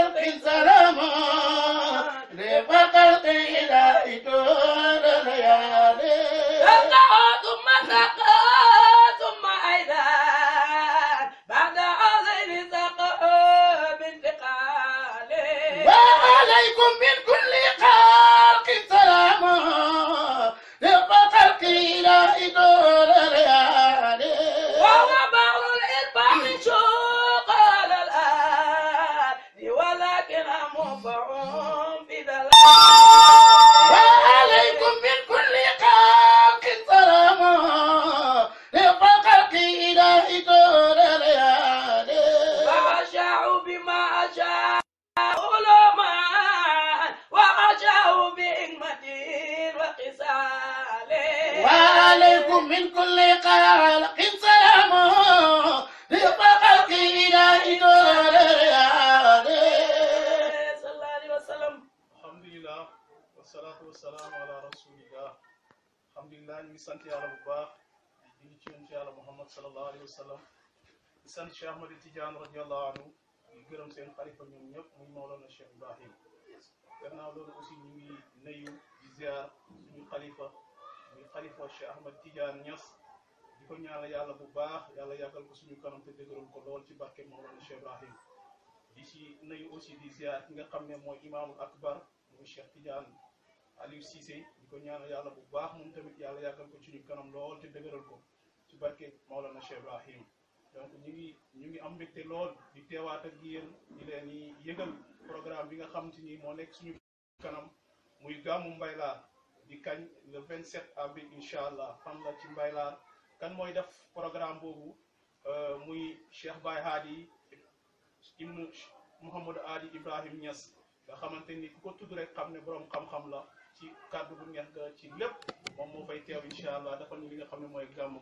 Come oh, oh, oh, in. عليكم من كل قلق سلام رفق خلق إلى إدوار صلى الله عليه وسلم الحمد لله والصلاة والسلام على رسول الله الحمد لله ñu ngi sant yàlla bu baax di ngi ci yonent yàlla Muhammad sallallahu alayhi wa sallam di sant Cheikh Ahmad Tidiane radiyallahu anhu di gërëm seen xalifa ñoom ñëpp muy Mawlana Cheikh Ibrahim gannaaw loolu aussi ñu ngi nuyu di ziar suñu xalifa xalifa Cheikh Ahmad Tidiane Niass di ko ñaanal yàlla bu baax yàlla yàggal ko suñu kanam te dëgëral ko lool ci barke Mawlana Cheikh Ibrahim di si nuyu aussi di ziar nga xam ne mooy imaamul akbar muy Cheikh Tidiane Aliou Cissé di ko ñaanal yàlla bu baax moom tamit yàlla yàggal ko suñu kanam lool te dëgëral ko ci barke Mawlana Cheikh Ibrahim donc ñu ngi ñu ngi am mbégte lool di teewaat gi yéen di leen yëgal programme bi nga xam te ni moo nekk suñu kanam muy gàmmu Mbaylar di kañ le 27 avril incha allah fan la ci mbaylaar kan mooy def programme boobu euh, muy Cheikh Baye Hadi ibnu Mouhamadou Hadi Ibrahim ñas nga xamante ni ku ko tudd rek xam ne borom xam-xam la ci kàddu bu neex ga ci lépp moom moo fay teew incha allah dafa ñu li xam ne mooy gàmm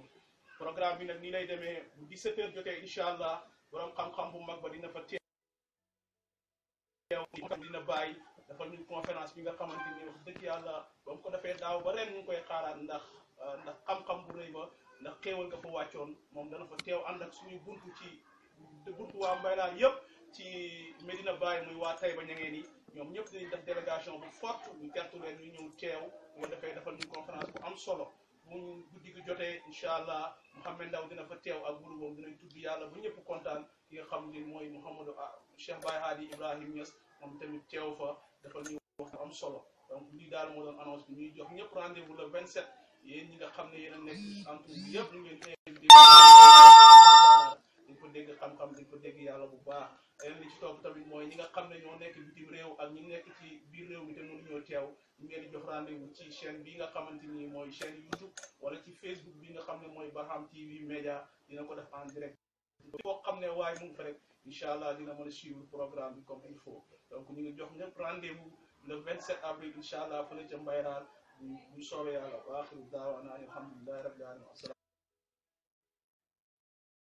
programme bi nag nii lay demee bu 17 heures jotee incha allah borom xam-xam bu mag ba dina fa teew dina bàyyi. dafa ñu conférence bi nga xamante ni wax yàlla ba mu ko defee daaw ba ren ñu koy xaaraat ndax euh, ndax xam-xam bu rëy ba ndax xéewal nga fa wàccoon moom dana fa teew ànd ak suñuy buntu ci buntu waa Mbaylaan yëpp ci Medina Baye muy waa Taïba ñangeen yi ñoom ñëpp dañuy def délégation bu forte ñu gertu leen ñu ñëw teew bu ko defee am solo bu ñu guddi jotee incha allah Mouhamed Ndaw dina fa teew ak groupe boobu dinañ tudd yàlla bu ñëpp kontaan ki nga xam ni mooy mu Mouhamadou ah, Cheikh Baye Hadi Ibrahim Niass moom tamit teew fa am solo donc lii daal moo doon annonce bi ñuy jox ñëpp rendez-vous le 27 yéen ñi nga xam ne yéen a nekk entreprise bi yëpp ñu ngi leen invité ko dégg xam-xam dañ ko dégg yàlla bu baax yeneen li ci ñi nga xam ne ñoo nekk bitim réew ak ñi nekk ci biir réew mi te mënuñoo teew ñu ngi leen di jox rendez ci chaîne bi nga xamante ni mooy chaîne YouTube wala ci Facebook bi nga xam ne mooy Barham TV Média dina ko def en direct boo xam ne waaye mu ngi fa rek incha allah dina mën a suivre programme bi comme il faut donc ñu jox ñëpp rendez le 27 avril incha allah fële ca Mbaye naan bu soobee yàlla wa axiru daawaanaa alhamdulillahi rabbil aalamiin